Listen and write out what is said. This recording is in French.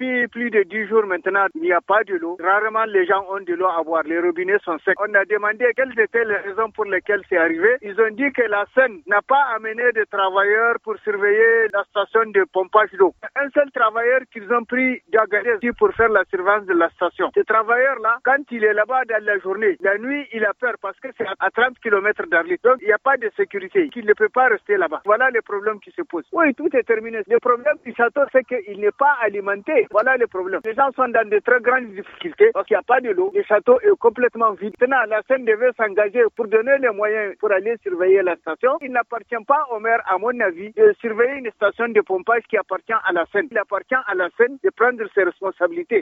Depuis plus de 10 jours maintenant, il n'y a pas de l'eau. Rarement les gens ont de l'eau à boire. Les robinets sont secs. On a demandé quelles étaient les raisons pour lesquelles c'est arrivé. Ils ont dit que la Seine n'a pas amené de travailleurs pour surveiller la station de pompage d'eau. Un seul travailleur qu'ils ont pris d'Agadez pour faire la surveillance de la station. Ce travailleur-là, quand il est là-bas dans la journée, la nuit, il a peur parce que c'est à 30 km d'Arlit. Donc, il n'y a pas de sécurité. Il ne peut pas rester là-bas. Voilà les problèmes qui se posent. Oui, tout est terminé. Le problème du château, c'est qu'il n'est pas alimenté. Voilà le problème. Les gens sont dans de très grandes difficultés parce qu'il n'y a pas de l'eau. Le château est complètement vide. Maintenant, la scène devait s'engager pour donner les moyens pour aller surveiller la station. Il n'appartient pas au maire, à mon avis, de surveiller une station de pompage qui appartient à la Seine. Il appartient à la scène de prendre ses responsabilités.